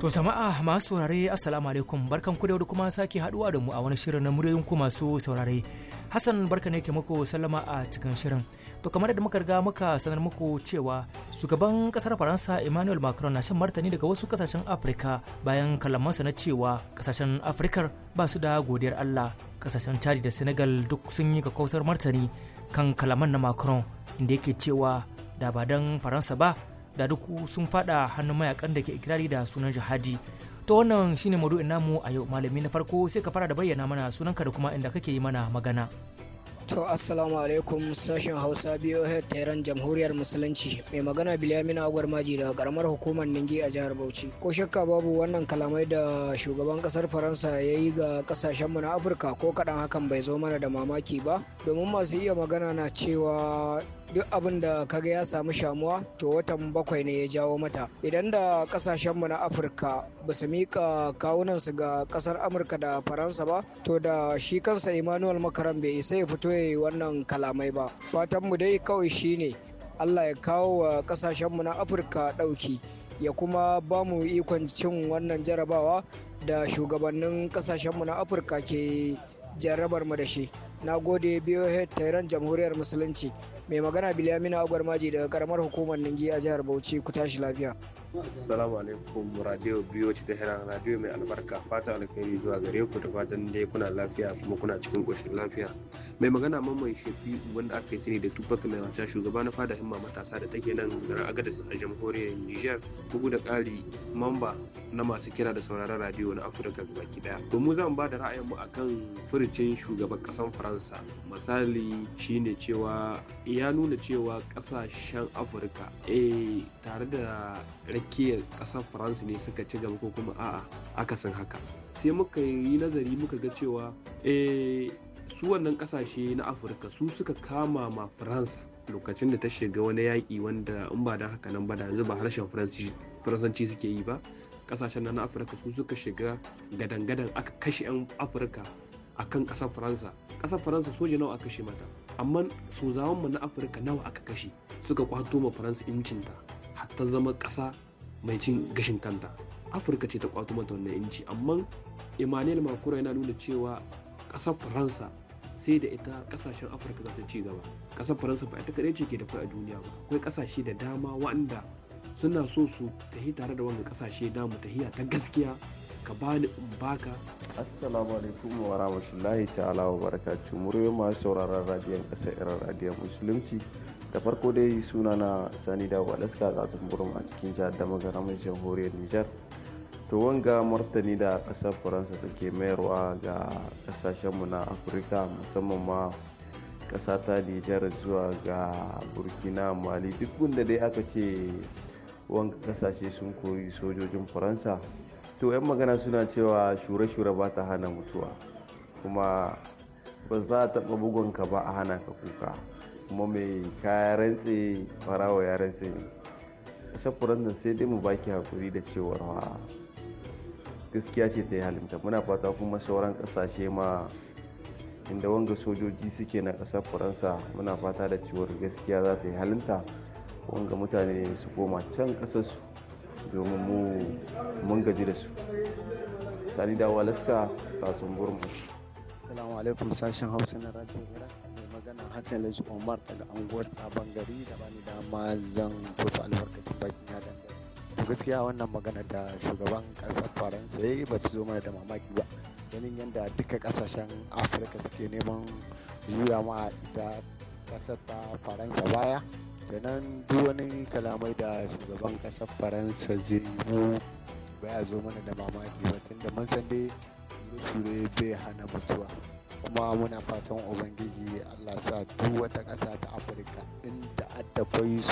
To jama'a masu saurare assalamu alaikum barkan ku da kuma sake haduwa da mu a wani shirin na muryoyin ku masu saurare. Hassan barka ne ke muku sallama a cikin shirin. To kamar da muka riga muka sanar muku cewa shugaban kasar Faransa Emmanuel Macron na shan martani daga wasu kasashen Afirka bayan kalamansa na cewa kasashen Afirkar ba su da godiyar Allah. Kasashen Chad da Senegal duk sun yi ga kakausar martani kan kalaman na Macron inda yake cewa da ba dan Faransa ba da duku sun fada hannun mayakan da ke ikirari da sunan jihadi to wannan shine maudu'in namu a yau malami na farko sai ka fara da bayyana mana sunan ka da kuma inda kake yi mana magana To assalamu alaikum sashen Hausa BOH Tehran Jamhuriyar Musulunci mai magana Bilyamin Agwar Maji daga karamar hukumar Ningi a jihar Bauchi. Ko shakka babu wannan kalamai da shugaban kasar Faransa ya yi ga kasashenmu na Afirka ko kadan hakan bai zo mana da mamaki ba. Domin masu iya magana na cewa duk abin da kaga ya samu shamuwa to watan bakwai ne ya jawo mata idan da kasashenmu na afirka ba su miƙa kawunansu ga ƙasar amurka da faransa ba to da shi kansa emmanuel makaran bai isa ya fito ya wannan kalamai ba fatanmu dai kawai shine allah ya kawo wa kasashenmu na afirka ɗauki ya kuma ba mu ikon cin wannan jarabawa da shugabannin kasashenmu na afirka ke jarabar mu da shi na gode biyo tairan jamhuriyar musulunci Mai magana Bilyaminu Agwar Maji daga karamar hukumar Ningi a jihar Bauchi ku tashi lafiya. Assalamu alaikum radio biyo ci ta radio mai albarka fata alkhairi zuwa gare ku da fatan dai kuna lafiya kuma kuna cikin koshin lafiya. Mai magana mamman shafi wanda aka yi sani da tubak mai wata shugaba na fada himma matasa da take nan garin Agadez a jamhuriyar niger bugu da ƙari mamba na masu kira da sauraron radio na Afirka baki daya. Domin zan ba da mu akan furucin shugaban kasan Faransa misali shine cewa ya nuna cewa kasashen Afirka eh tare da tsakiyar kasar faransa ne suka ci gaba ko kuma a'a akasin haka sai muka yi nazari muka ga cewa eh, su wannan kasashe na afirka su suka kama ma faransa lokacin da ta shiga wani yaƙi wanda in ba da haka nan ba da yanzu ba harshen faransanci suke yi ba kasashen na afirka su suka shiga gadan-gadan aka kashe 'yan afirka a kan ƙasar faransa ƙasar faransa soja nawa aka kashe mata amma mu na afirka nawa aka kashe suka kwato ma faransa incinta har zama ƙasa mai cin gashin kanta afirka ce ta kwato mata wannan inci amma emmanuel makura yana nuna cewa ƙasar faransa sai da ita kasashen afirka za ta ci gaba ƙasar faransa ba ita kaɗai ce ke da kai a duniya ba akwai kasashe da dama wanda suna so su tafi tare da wannan da mu tahiya ta gaskiya ka bani in baka assalamu alaikum wa rahmatullahi ta'ala wa barakatuh muryoyi masu sauraron radiyon kasar iran radiyon musulunci da farko dai suna na sani da walaska a burum a cikin jihar da magaramar jamhuriyar nijar to wanga martani da ƙasar faransa ke mayarwa ga mu na afirka musamman ma ƙasa ta nijar zuwa ga burkina mali duk wanda dai aka ce wanga ƙasashe sun koyi sojojin faransa to 'yan magana suna cewa shure-shure ba ta hana mutuwa kuma ba za a taɓa bugonka ba a hana ka kuka kuma mai kaya rantse farawa ya rantse ne shafuran nan sai dai mu baki hakuri da cewar wa gaskiya ce ta yi halinta muna fata kuma sauran kasashe ma inda wanga sojoji suke na kasar faransa muna fata da cewar gaskiya za ta yi halinta wanga mutane su koma can kasarsu domin mu mun gaji da su sani dawo alaska kasuwan burin assalamu alaikum sashen hausa na radio magana Hassan Lashi Umar daga anguwar Sabon Gari da bani dama zan tofa albarkacin bakin ya dangane. To gaskiya wannan magana da shugaban ƙasar Faransa ya yi ba ci zo mana da mamaki ba. Ganin yadda duka kasashen Afirka suke neman juya ma ita ƙasar ta Faransa baya. Kenan duk wani kalamai da shugaban kasar Faransa zai yi baya zo mana da mamaki ba tunda mun san dai shure-shure bai hana mutuwa. kuma muna fatan ubangiji allah sa duk wata ƙasa ta afirka inda adda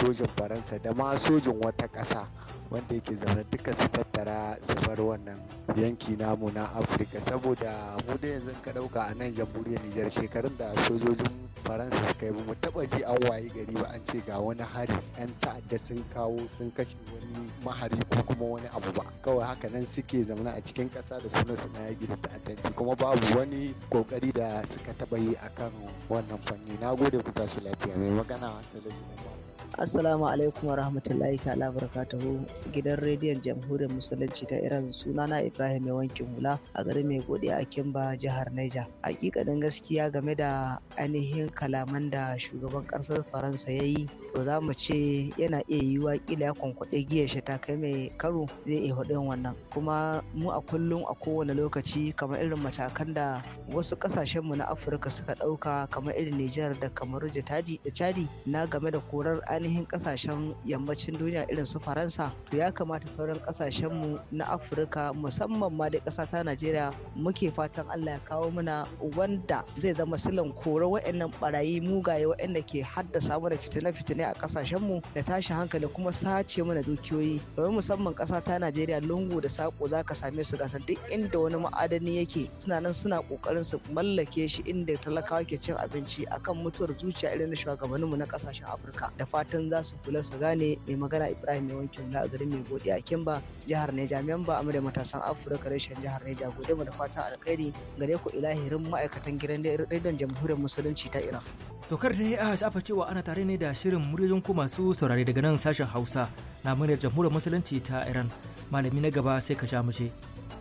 sojin faransa da ma sojin wata ƙasa wanda yake zaune duka su tattara su bar wannan yanki namu na afirka saboda mu dai yanzu ka ɗauka a nan jamhuriyar nijar shekarun da sojojin faransa suka yi mu taba ji an wayi gari ba an ce ga wani hari yan ta'adda sun kawo sun kashe wani mahari ko kuma wani abu ba kawai haka nan suke zaune a cikin kasa da suna su na da ta'addanci kuma babu wani kokari da suka taba yi akan wannan fanni na gode ku tashi lafiya mai magana hasali da Assalamu alaikum wa rahmatullahi ta'ala barakatuhu gidan rediyon jamhuriyar musulunci ta Iran sunana Ibrahim mai wankin hula a garin mai godiya a Kimba jihar Niger. Hakikanin gaskiya game da ainihin kalaman da shugaban ƙasar Faransa ya yi to za mu ce yana iya yiwuwa kila ya kwankwaɗe giyar shi ta kai mai karo zai iya hudun wannan kuma mu a kullum a kowane lokaci kamar irin matakan da wasu kasashen mu na Afirka suka ɗauka kamar irin Nijar da kamar da Chadi na game da korar ainihin kasashen yammacin duniya irin su faransa to ya kamata sauran kasashen mu na afirka musamman ma dai ƙasa ta najeriya muke fatan allah ya kawo mana wanda zai zama silan kore wa'annan barayi mugaye wa'anda ke haddasa mana fitine-fitine a kasashen mu da tashin hankali kuma sace mana dukiyoyi domin musamman ƙasa ta najeriya lungu da sako za ka same su gasar duk inda wani ma'adani yake suna nan suna ƙoƙarin su mallake shi inda talakawa ke cin abinci akan mutuwar zuciya irin na shugabanninmu na ƙasashen afirka da fata fatan za su kula su gane mai magana Ibrahim mai wankin na garin mai godiya a Kimba jihar Neja memba da matasan Afirka reshen jihar Neja gode mu da fatan alkhairi gare ku ilahirin ma'aikatan gidan rediyon jamhuriyar musulunci ta Iran. Tokar da a shafa cewa ana tare ne da shirin muryoyin ku masu saurare daga nan sashen Hausa na muryar jamhuriyar musulunci ta Iran malami na gaba sai ka sha mu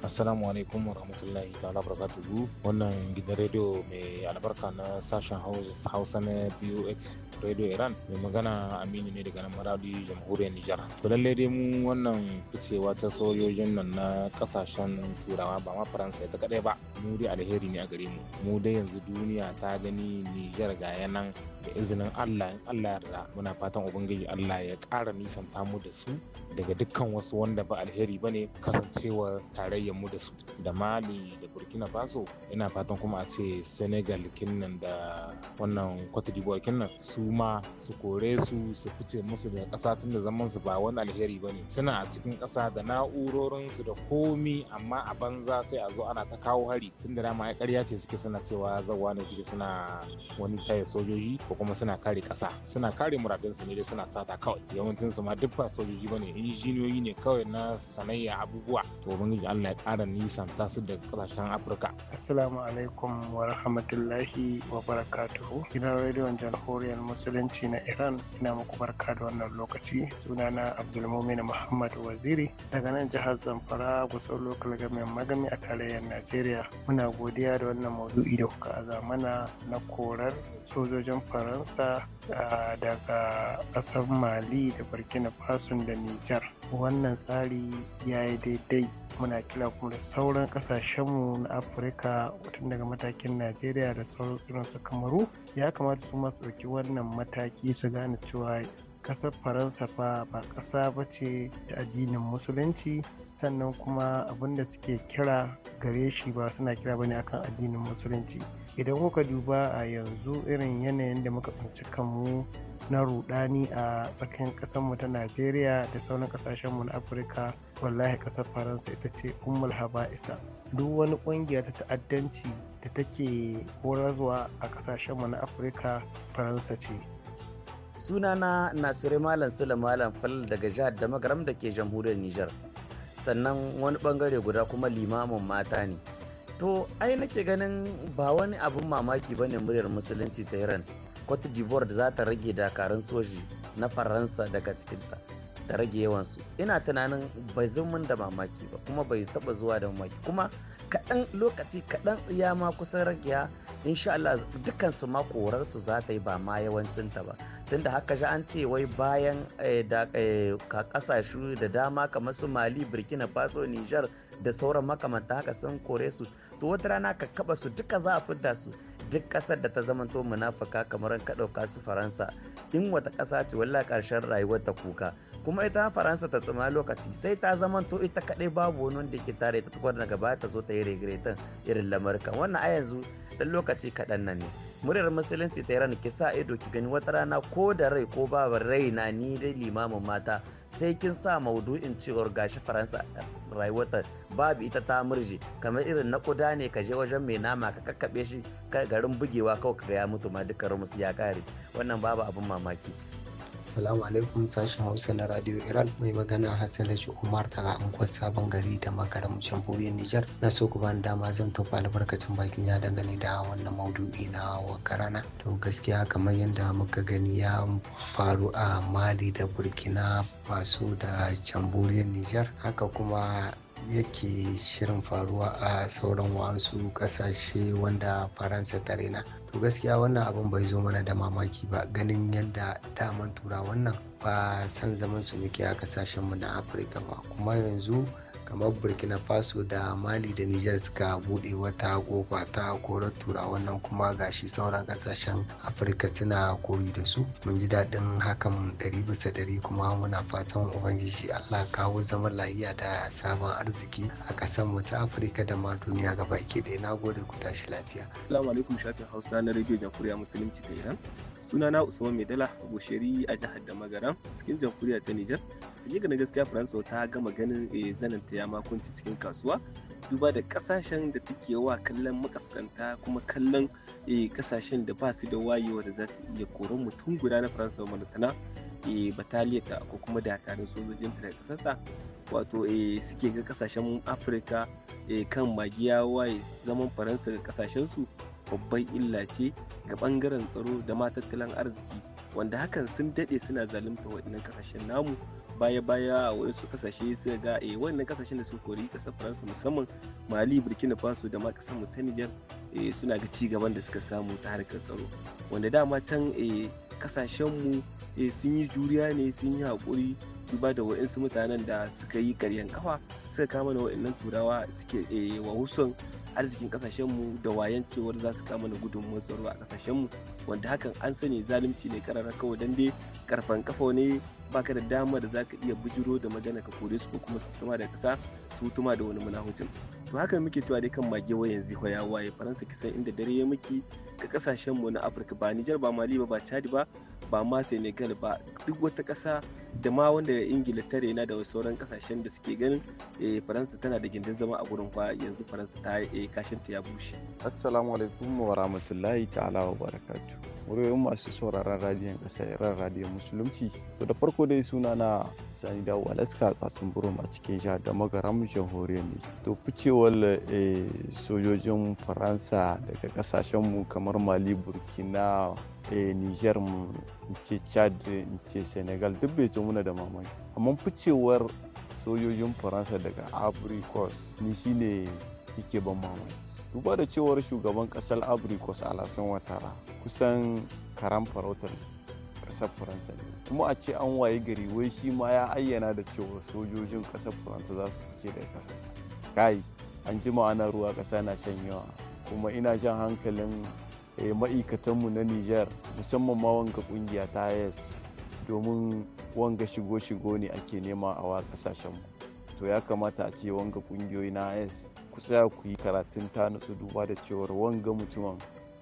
assalamu alaikum warahmatullahi ta'ala barakatuhu wannan gidan rediyo mai albarka na sashen hausa na box radio iran mai magana aminu ne daga nan maradi jamhuriyar nijar to lallai dai mu wannan ficewa ta sojojin nan na kasashen turawa ba ma faransa ita kadai ba mu dai alheri ne a gare mu mu dai yanzu duniya ta gani nijar ga yanan da izinin Allah in Allah ya yarda muna fatan ubangiji Allah ya ƙara nisanta mu da su daga dukkan wasu wanda ba alheri bane kasancewa tarayyar mu da su da Mali da Burkina Faso ina fatan kuma a ce Senegal kinnan da wannan Cote d'Ivoire kinnan su ma su kore su su fice musu da ƙasa tun da zaman su ba wani alheri bane suna a cikin ƙasa da na'urorin su da komi amma a banza sai a zo ana ta kawo hari tun da dama ya ƙarya ce suke suna cewa zawa ne suke suna wani taya sojoji ko kuma suna kare ƙasa suna kare su ne dai suna sata kawai yawancin su ma duk ba sojoji bane injiniyoyi ne kawai na sanayya abubuwa to ubangiji Allah ya kara nisan tasu da kasashen Afirka assalamu alaikum wa rahmatullahi wa barakatuhu gidan rediyon jamhuriyar musulunci na Iran ina muku barka da wannan lokaci sunana Abdulmumin Muhammad Waziri daga nan jihar Zamfara Gusau Local Government Magami a tarayyar Najeriya muna godiya da wannan maudu'i da kuka aza mana na korar sojojin faransa daga ƙasar mali da burkina faso da nijar wannan tsari ya yi daidai muna kira kuma da sauran kasashenmu na afirka tun daga matakin najeriya da sauran irin kamaru ya kamata su masu ɗauki wannan mataki su gane cewa 'Kasar faransa fa ba ƙasa ba ce da addinin musulunci sannan kuma abinda suke kira gare shi ba suna kira bane akan addinin musulunci idan kuka duba a yanzu irin yanayin da muka tsinci kanmu na ruɗani a tsakanin ƙasarmu ta najeriya da sauran ƙasashenmu na afirka wallahi ƙasar faransa ita ce ummul haba'isa duk wani ƙungiya ta ta'addanci da take horarwa a ƙasashenmu na afirka faransa ce sunana nasiru malam sula malam fal daga jihar da magaram da ke jamhuriyar nijar sannan wani bangare guda kuma limamin mata ne to ai nake ganin ba wani abin mamaki ba ne muryar musulunci ta iran cote d'ivoire za ta rage dakarun soji na faransa daga cikinta da rage yawansu ina tunanin bai mun da mamaki ba kuma bai taba zuwa da mamaki kuma kaɗan lokaci kaɗan ya ma kusan ya insha Allah dukkan su ma korarsu za ta yi ba ma yawancin ta ba tunda haka ji an ce wai bayan eh, da eh, kasashe da dama kamar su Mali Burkina Faso Niger da sauran makamanta haka sun kore su to wata rana ka kaba su duka za a fidda su duk kasar da ta zamanto munafuka kamar ka ɗauka su faransa in wata ƙasa ce wallah ƙarshen rayuwar ta kuka kuma ita faransa ta tsama lokaci sai ta zama zamanto ita kaɗai babu wani wanda ke tare ta tukwar daga baya ta zo ta yi regretan irin lamarkan wannan a yanzu dan lokaci kaɗan nan ne muryar musulunci ta iran ki sa ido ki gani wata rana ko da rai ko babu rai na ni dai limamin mata sai kin sa maudu'in cewar gashi faransa rayuwata babu ita ta murje kamar irin na kuda ne ka je wajen mai nama ka kakkaɓe shi garin bugewa kawai ka ga ya mutu ma dukkan musu ya kare wannan babu abin mamaki Assalamu alaikum sashen Hausa na Radio Iran mai magana Hassan Rashi Umar daga Ankwar Sabon Gari da makarar Jamhuriyar Nijar. Na so ku bani dama zan tofa albarkacin bakin ya dangane da wannan maudu'i na wakarana. To gaskiya kamar yadda muka gani ya faru a Mali da Burkina Faso da Jamhuriyar Nijar. Haka kuma yake shirin faruwa a sauran wasu kasashe wanda faransa ta na. to gaskiya wannan abin bai zo mana da mamaki ba ganin yadda daman tura wannan ba san zaman su muke a kasashenmu na afirka ba kuma yanzu kamar burkina faso da mali da niger suka bude wata kofa ta korar tura wannan kuma gashi sauran kasashen afirka suna koyi da su mun ji daɗin hakan ɗari bisa ɗari kuma muna fatan ubangiji allah kawo zaman lahiya da sabon arziki a ƙasar mu ta afirka da ma duniya gaba gabaki ɗaya na gode ku tashi lafiya. alaikum shafin Hausa na rediyo Jamhuriya Musulunci ta Iran. sunana usman maidala gosheri a jihar da magaran cikin jamhuriyar ta nijar hakika na gaskiya faransa ta gama ganin eh, zanen ta ya makunci cikin kasuwa duba da kasashen da take wa kallon makaskanta kuma kallon kasashen eh, da ba su da wayewa da za su iya koron mutum guda na faransa malatana e, eh, ta ko kuma dakarun sojojin ta daga kasarsa wato e, suke ga kasashen afirka kan magiya waye zaman faransa ga kasashen su. babban illa ce ga ɓangaren tsaro da ma tattalin arziki wanda hakan sun daɗe suna zalunta waɗannan ƙasashen namu baya-baya a wasu kasashe suka ga a eh, wannan kasashen da suka kori ƙasar faransa musamman mali burkina faso da ma ƙasar ta nijar eh, suna ga ci gaban da suka samu ta harkar tsaro wanda dama can kasashen eh, mu sun yi juriya ne sun yi haƙuri duba da wa'insu mutanen da suka yi karyan kafa suka kama da waɗannan turawa suke wa arzikin kasashen mu da wayan cewar za su kama da gudun tsaro a mu wanda hakan an sani zalunci ne karara kawai dan dai karfan kafa ne baka da dama da zaka iya bujiro da magana ka kore su ko kuma su tuma da kasa su tuma da wani munahucin to haka muke cewa dai kan mage wa yanzu ko ya waye faransa kisan inda dare ya miki ka mu na afirka ba nijar ba mali ba ba chad ba ba ma senegal ba duk wata kasa da ma wanda ingila ta rena da sauran kasashen da suke ganin eh, faransa tana da gindin zama a gurin kwa yanzu faransa ta eh, kashin ta ya bushe assalamu alaikum wa rahmatullahi ta'ala wa barakatu wurin masu sauraron radiyon kasa yaran radiyon musulunci to da farko dai suna na sani da walaska tsatsun burum a cikin jihar da magaram jamhuriyar ne to ficewar eh, sojojin faransa daga kasashen mu kamar mali burkina Eh, niger mu ce chad ce senegal duk bai ce muna da mamaki amma ficewar sojojin faransa daga abricos ni shine yake ban mamaki duba da cewar shugaban kasar abricos alasan watara kusan karan farautar kasar faransa ne kuma a ce an waye gari wai shi ma ya ayyana da cewar sojojin kasar faransa za su fice daga kasar. kai an jima ana ruwa kasa na shan yawa kuma ina jan hankalin Eh, ma'aikatanmu na Nijar musamman ma wanga kungiya ta yes domin wanga shigo-shigo ne ake nema a wa kasashenmu to ya kamata a ce wanga kungiyoyi na yes kusa ya ku yi karatun ta nutsu duba da cewar wanga mutumin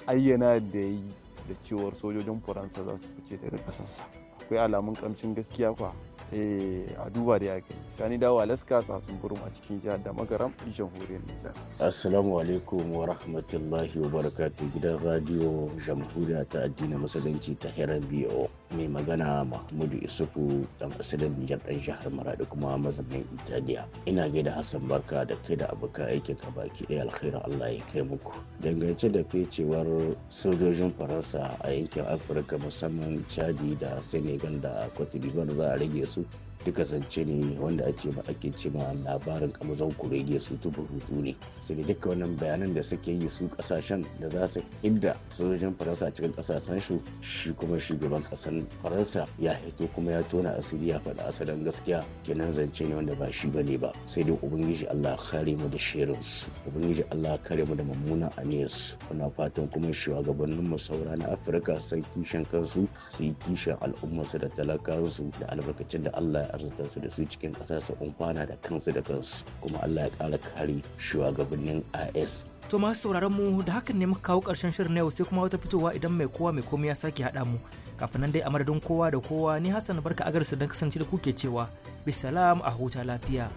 ayyana da ya yi da cewar sojojin faransa za su fice daga ƙasarsa akwai alamun kamshin gaskiya kwa Eh, a duba da ya sani dawo alaska tsatsun burum a cikin jihar da magaram jamhuriyar nijar assalamu alaikum wa rahmatullahi wa barakatuh gidan radio jamhuriya ta addinin musulunci ta heran bo mai magana mahmudu isufu dan asalin nijar dan jihar maradi kuma mazaunin italiya ina gaida hassan barka da kai da abuka yake ka baki ɗaya alkhairin allah ya kai muku dangance da fecewar sojojin faransa a yankin afirka musamman chadi da senegal da cote d'ivoire za a rage su duka zance ne wanda ake ba ake ce ma labarin amazon kurege su tubu hutu ne sai duka wannan bayanan da suke yi su kasashen da za su hidda sojojin faransa cikin kasashen su shi kuma shugaban kasan faransa ya hito kuma ya tona asiri ya faɗa asalin gaskiya kenan zance ne wanda ba shi bane ba sai dai ubangiji allah kare mu da shirin su ubangiji allah kare mu da mummunan aniyas muna fatan kuma shugabannin mu saura na afirka san kishin kansu su yi kishin al'ummarsu da talakansu da albarkacin da allah ya arzikinsu su da su cikin ƙasa su umfana da kansu da kansu kuma Allah ya kara kare shugabannin IS To masu sauraron mu da hakan ne muka kawo karshen shirin na yau sai kuma wata fitowa idan mai kowa mai komai ya sake haɗa mu. Kafin nan dai a madadin kowa da kowa ni Hassan barka agarsu don kasance da kuke cewa bisalam a huta lafiya.